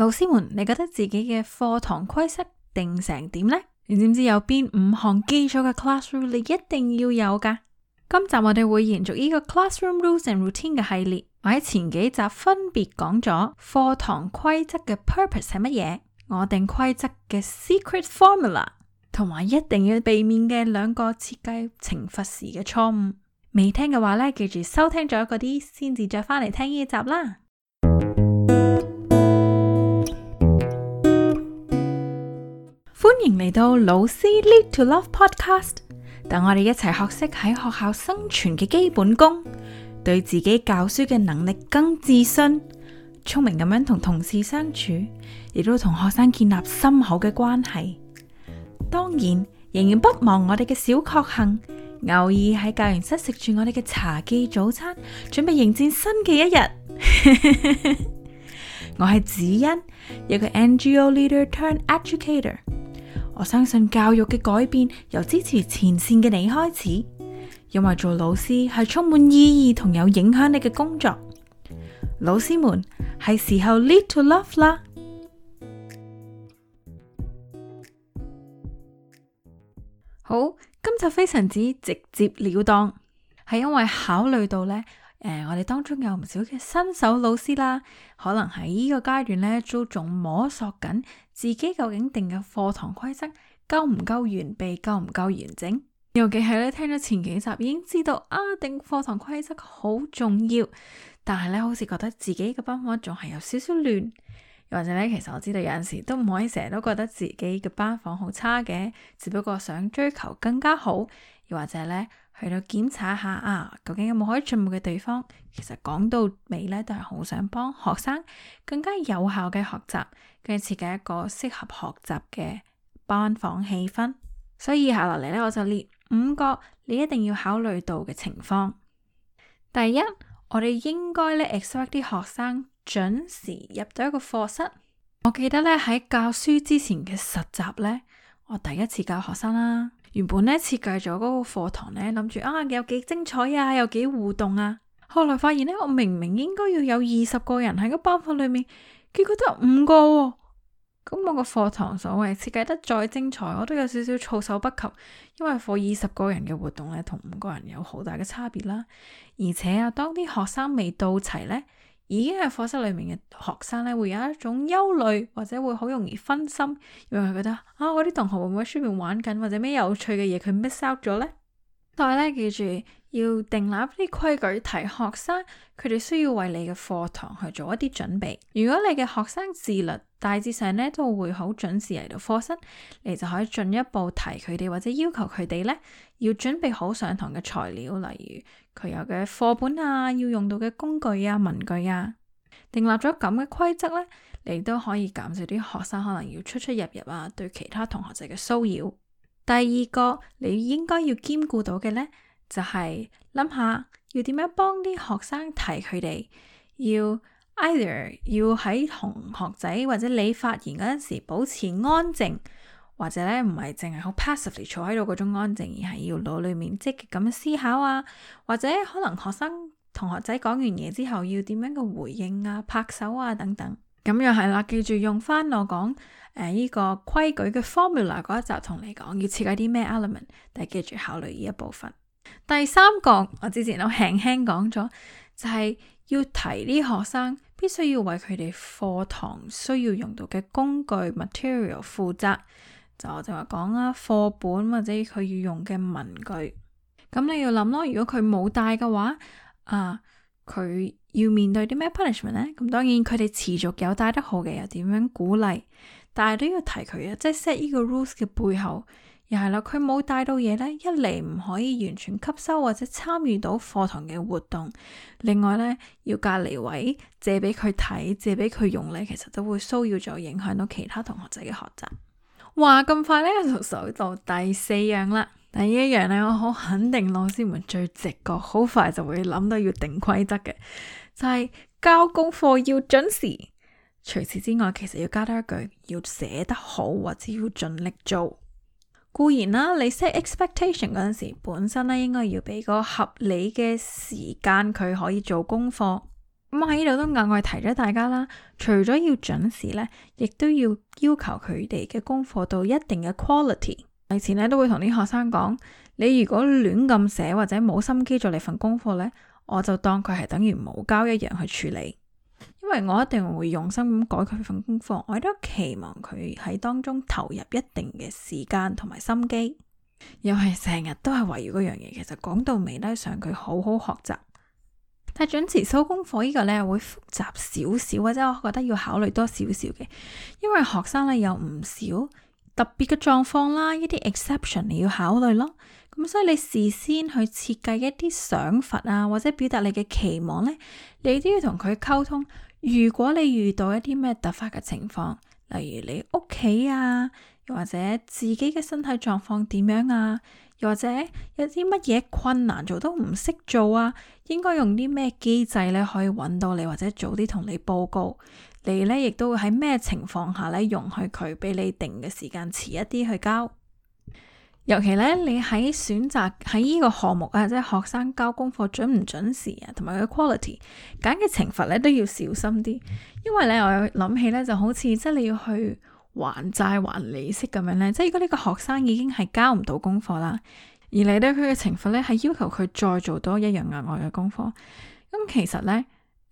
老師們，你覺得自己嘅課堂規則定成點呢？你知唔知有邊五項基礎嘅 classroom 你一定要有㗎？今集我哋會延續呢個 classroom rules and routine 嘅系列，我喺前幾集分別講咗課堂規則嘅 purpose 係乜嘢，我定規則嘅 secret formula，同埋一定要避免嘅兩個設計懲罰時嘅錯誤。未聽嘅話咧，記住收聽咗嗰啲先至再翻嚟聽呢集啦。歡迎嚟到老師 Lead to Love Podcast，等我哋一齊學識喺學校生存嘅基本功，對自己教書嘅能力更自信，聰明咁樣同同事相處，亦都同學生建立深厚嘅關係。當然仍然不忘我哋嘅小確幸，偶爾喺教員室食住我哋嘅茶記早餐，準備迎戰新嘅一日。 我係子欣，一個 NGO leader turn educator。Educ 我相信教育嘅改變由支持前線嘅你開始，因為做老師係充滿意義同有影響力嘅工作。老師們係時候 lead to love 啦。好，今集非常之直接了當，係因為考慮到呢。誒、嗯，我哋當中有唔少嘅新手老師啦，可能喺呢個階段咧都仲摸索緊自己究竟定嘅課堂規則夠唔夠完備，夠唔夠完整。尤其係咧，聽咗前幾集已經知道啊，定課堂規則好重要，但係咧好似覺得自己嘅班房仲係有少少亂，或者咧，其實我知道有陣時都唔可以成日都覺得自己嘅班房好差嘅，只不過想追求更加好。又或者咧，去到檢查一下啊，究竟有冇可以進步嘅地方？其實講到尾咧，都係好想幫學生更加有效嘅學習，跟住設計一個適合學習嘅班房氣氛。所以下落嚟咧，我就列五個你一定要考慮到嘅情況。第一，我哋應該咧 expect 啲學生準時入到一個課室。我記得咧喺教書之前嘅實習咧。我第一次教學生啦，原本咧設計咗嗰個課堂咧，諗住啊有幾精彩啊，有幾互動啊，後來發現咧，我明明應該要有二十個人喺個班房裏面，結果得五個喎，啊。咁我個課堂所謂設計得再精彩，我都有少少措手不及，因為課二十個人嘅活動咧，同五個人有好大嘅差別啦。而且啊，當啲學生未到齊咧。已經喺課室裏面嘅學生呢，會有一種憂慮，或者會好容易分心，因為佢覺得啊，我啲同學會唔會喺出邊玩緊，或者咩有趣嘅嘢佢 miss out 咗呢？但係呢，記住，要定立啲規矩，提學生佢哋需要為你嘅課堂去做一啲準備。如果你嘅學生自律，大致上咧都會好準時嚟到課室，你就可以進一步提佢哋或者要求佢哋咧要準備好上堂嘅材料，例如佢有嘅課本啊，要用到嘅工具啊、文具啊。定立咗咁嘅規則咧，你都可以減少啲學生可能要出出入入啊，對其他同學仔嘅騷擾。第二個，你應該要兼顧到嘅咧。就係諗下要點樣幫啲學生提佢哋，要 either 要喺同學仔或者你發言嗰陣時保持安靜，或者咧唔係淨係好 passively 坐喺度嗰種安靜，而係要腦裏面積極咁思考啊，或者可能學生同學仔講完嘢之後要點樣嘅回應啊、拍手啊等等，咁又係啦。記住用翻我講誒呢個規矩嘅 formula 嗰一集同你講要設計啲咩 element，但係記住考慮呢一部分。第三個我之前都輕輕講咗，就係要提啲學生必須要為佢哋課堂需要用到嘅工具 material 負責，就我就話講啦，課本或者佢要用嘅文具，咁你要諗咯，如果佢冇帶嘅話，啊，佢要面對啲咩 punishment 呢？咁當然佢哋持續有帶得好嘅又點樣鼓勵，但係都要提佢啊，即係 set 呢個 rules 嘅背後。又係啦，佢冇帶到嘢呢。一嚟唔可以完全吸收或者參與到課堂嘅活動。另外呢，要隔籬位借俾佢睇、借俾佢用呢，其實都會騷擾咗，影響到其他同學仔嘅學習。話咁快呢就數到第四樣啦。第一樣呢，我好肯定老師們最直覺，好快就會諗到要定規則嘅，就係交功課要準時。除此之外，其實要加多一句，要寫得好或者要盡力做。固然啦，你 set expectation 嗰陣時，本身咧應該要俾個合理嘅時間佢可以做功課。咁喺呢度都額外提咗大家啦，除咗要準時呢，亦都要要求佢哋嘅功課到一定嘅 quality。以前咧都會同啲學生講，你如果亂咁寫或者冇心機做你份功課呢，我就當佢係等於冇交一樣去處理。因為我一定會用心咁改佢份功課，我都期望佢喺當中投入一定嘅時間同埋心機，又係成日都係圍繞嗰樣嘢。其實講到尾呢，想佢好好學習，但係準時收功課呢個呢，會複雜少少，或者我覺得要考慮多少少嘅，因為學生呢，有唔少特別嘅狀況啦，一啲 exception 你要考慮咯。咁所以你事先去設計一啲想法啊，或者表達你嘅期望呢，你都要同佢溝通。如果你遇到一啲咩突發嘅情況，例如你屋企啊，又或者自己嘅身體狀況點樣啊，又或者有啲乜嘢困難，做都唔識做啊，應該用啲咩機制咧可以揾到你，或者早啲同你報告？你咧亦都會喺咩情況下咧容許佢俾你定嘅時間遲一啲去交？尤其咧，你喺選擇喺呢個項目啊，即係學生交功課準唔準時啊，同埋佢 quality，揀嘅懲罰咧，都要小心啲，因為咧我又諗起咧就好似即係你要去還債還利息咁樣咧，即係如果呢個學生已經係交唔到功課啦，而你對佢嘅懲罰咧係要求佢再做多一樣額外嘅功課，咁其實咧誒、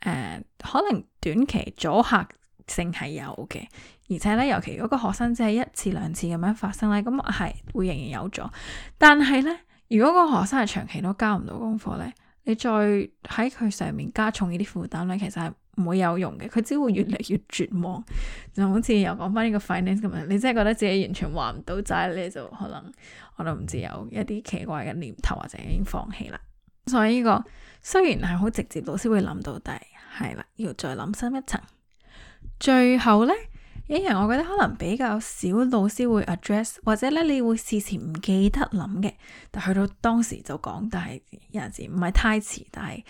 呃、可能短期阻嚇性係有嘅。而且咧，尤其嗰個學生只係一次兩次咁樣發生咧，咁係會仍然有咗。但係咧，如果個學生係長期都交唔到功課咧，你再喺佢上面加重呢啲負擔咧，其實係唔會有用嘅。佢只會越嚟越絕望。就好似又講翻呢個 finance 咁樣，你真係覺得自己完全還唔到債，你就可能我都唔知有一啲奇怪嘅念頭，或者已經放棄啦。所以呢個雖然係好直接，老師會諗到，但係，係啦，要再諗深一層。最後咧。一樣，我覺得可能比較少老師會 address，或者咧你會事前唔記得諗嘅，但去到當時就講，但係有陣時唔係太遲，但係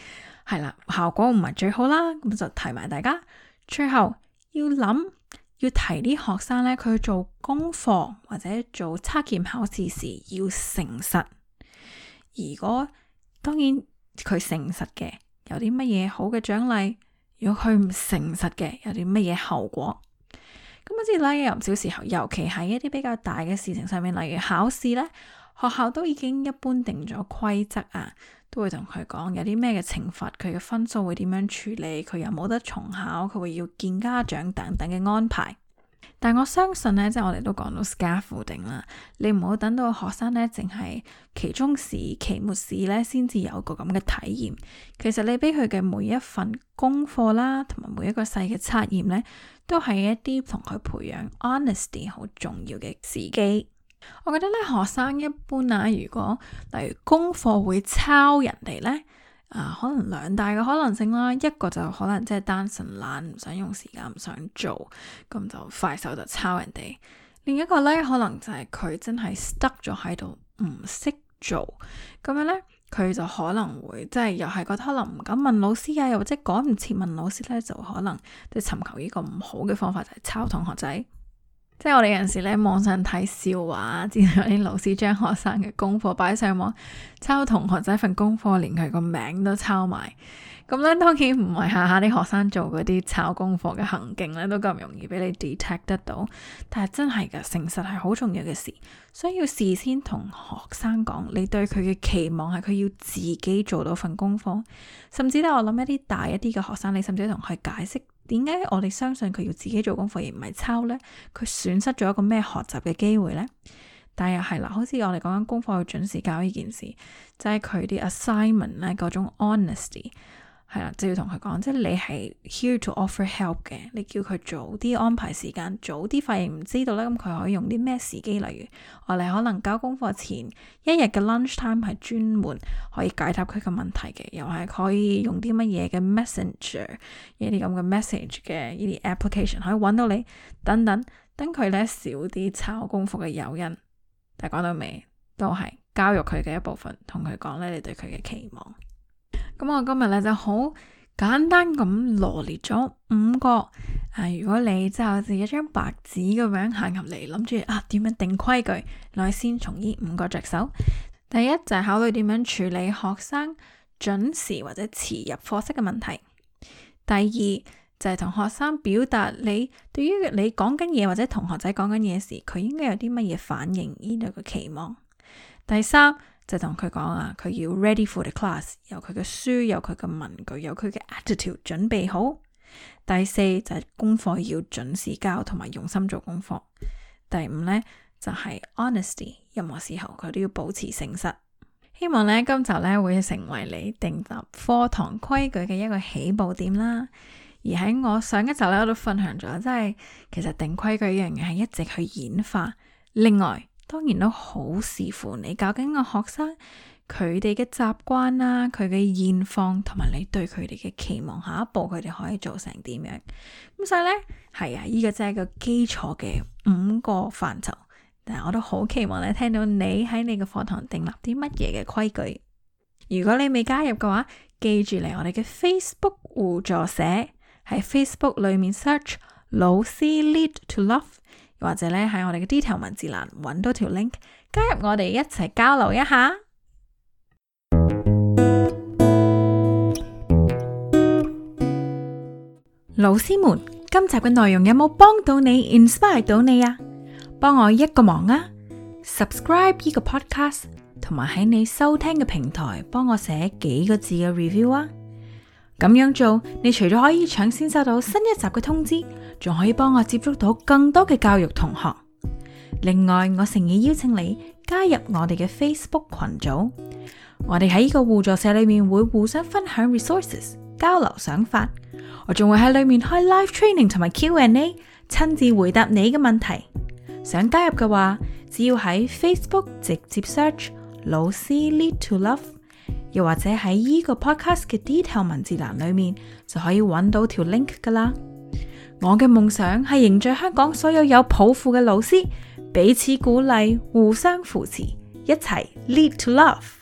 係啦，效果唔係最好啦。咁就提埋大家，最後要諗要提啲學生咧，佢做功課或者做測驗考試時要誠實。如果當然佢誠實嘅，有啲乜嘢好嘅獎勵；如果佢唔誠實嘅，有啲乜嘢後果。咁好似咧，由小時候，尤其喺一啲比較大嘅事情上面，例如考試咧，學校都已經一般定咗規則啊，都會同佢講有啲咩嘅懲罰，佢嘅分數會點樣處理，佢又冇得重考，佢會要見家長等等嘅安排。但我相信咧，即係我哋都講到 scaffolding 啦，你唔好等到學生咧，淨係期中試、期末試咧先至有個咁嘅體驗。其實你俾佢嘅每一份功課啦，同埋每一個細嘅測驗咧。都係一啲同佢培養 honesty 好重要嘅時機。我覺得咧，學生一般啊，如果例如功課會抄人哋咧，啊、呃，可能兩大嘅可能性啦。一個就可能即係單純懶，唔想用時間，唔想做，咁就快手就抄人哋。另一個咧，可能就係佢真係 stuck 咗喺度，唔識做咁樣咧。佢就可能會即係又係覺得可能唔敢問老師啊，又或者趕唔切問老師咧，就可能即係尋求呢個唔好嘅方法，就係、是、抄同學仔。即係我哋有陣時咧，網上睇笑話，知道有啲老師將學生嘅功課擺上網，抄同學仔份功課，連佢個名都抄埋。咁咧，當然唔係下下啲學生做嗰啲抄功課嘅行徑咧，都咁容易俾你 detect 得到。但係真係嘅誠實係好重要嘅事，所以要事先同學生講，你對佢嘅期望係佢要自己做到份功課。甚至咧，我諗一啲大一啲嘅學生，你甚至同佢解釋。點解我哋相信佢要自己做功課而唔係抄呢？佢損失咗一個咩學習嘅機會呢？但又係啦，好似我哋講緊功課要準時交呢件事，就係、是、佢啲 assignment 咧嗰種 honesty。係啦，就要同佢講，即係你係 here to offer help 嘅，你叫佢早啲安排時間，早啲發現唔知道咧，咁佢可以用啲咩時機，例如我哋可能交功課前一日嘅 lunch time 係專門可以解答佢嘅問題嘅，又係可以用啲乜嘢嘅 messenger，依啲咁嘅 message 嘅依啲 application 可以搵到你，等等，等佢咧少啲抄功課嘅誘因。但係講到尾，都係教育佢嘅一部分，同佢講咧，你對佢嘅期望。咁我今日咧就好簡單咁羅列咗五個。啊，如果你就好似一張白紙咁樣行入嚟，諗住啊點樣定規矩，我先從呢五個着手。第一就係、是、考慮點樣處理學生準時或者遲入課室嘅問題。第二就係、是、同學生表達你對於你講緊嘢，或者同學仔講緊嘢時，佢應該有啲乜嘢反應？呢度嘅期望。第三。就同佢講啊，佢要 ready for the class，有佢嘅書，有佢嘅文具，有佢嘅 attitude 準備好。第四就係功課要準時交，同埋用心做功課。第五呢就係 honesty，任何時候佢都要保持誠實。希望呢今集呢會成為你訂立課堂規矩嘅一個起步點啦。而喺我上一集呢，我都分享咗，即係其實定規矩一樣嘢係一直去演化。另外。當然都好視乎你究竟個學生佢哋嘅習慣啦，佢嘅現況同埋你對佢哋嘅期望，下一步佢哋可以做成點樣？咁所以呢，係啊，呢個真係個基礎嘅五個範疇。但係我都好期望你聽到你喺你嘅課堂訂立啲乜嘢嘅規矩。如果你未加入嘅話，記住嚟我哋嘅 Facebook 互助社，喺 Facebook 裏面 search 老師 Lead to Love，或者咧喺我哋嘅 detail 文字欄搵到條 link，加入我哋一齊交流一下。老師們，今集嘅內容有冇幫到你 inspire 到你啊？幫我一個忙啊！subscribe 呢個 podcast，同埋喺你收聽嘅平台幫我寫幾個字嘅 review 啊！咁樣做，你除咗可以搶先收到新一集嘅通知，仲可以幫我接觸到更多嘅教育同學。另外，我誠意邀請你加入我哋嘅 Facebook 群組，我哋喺呢個互助社裏面會互相分享 resources、交流想法。我仲會喺裏面開 live training 同埋 Q&A，親自回答你嘅問題。想加入嘅話，只要喺 Facebook 直接 search 老師 Lead to Love。又或者喺呢個 podcast 嘅 detail 文字欄裏面就可以揾到條 link 噶啦。我嘅夢想係凝聚香港所有有抱負嘅老師，彼此鼓勵，互相扶持，一齊 lead to love。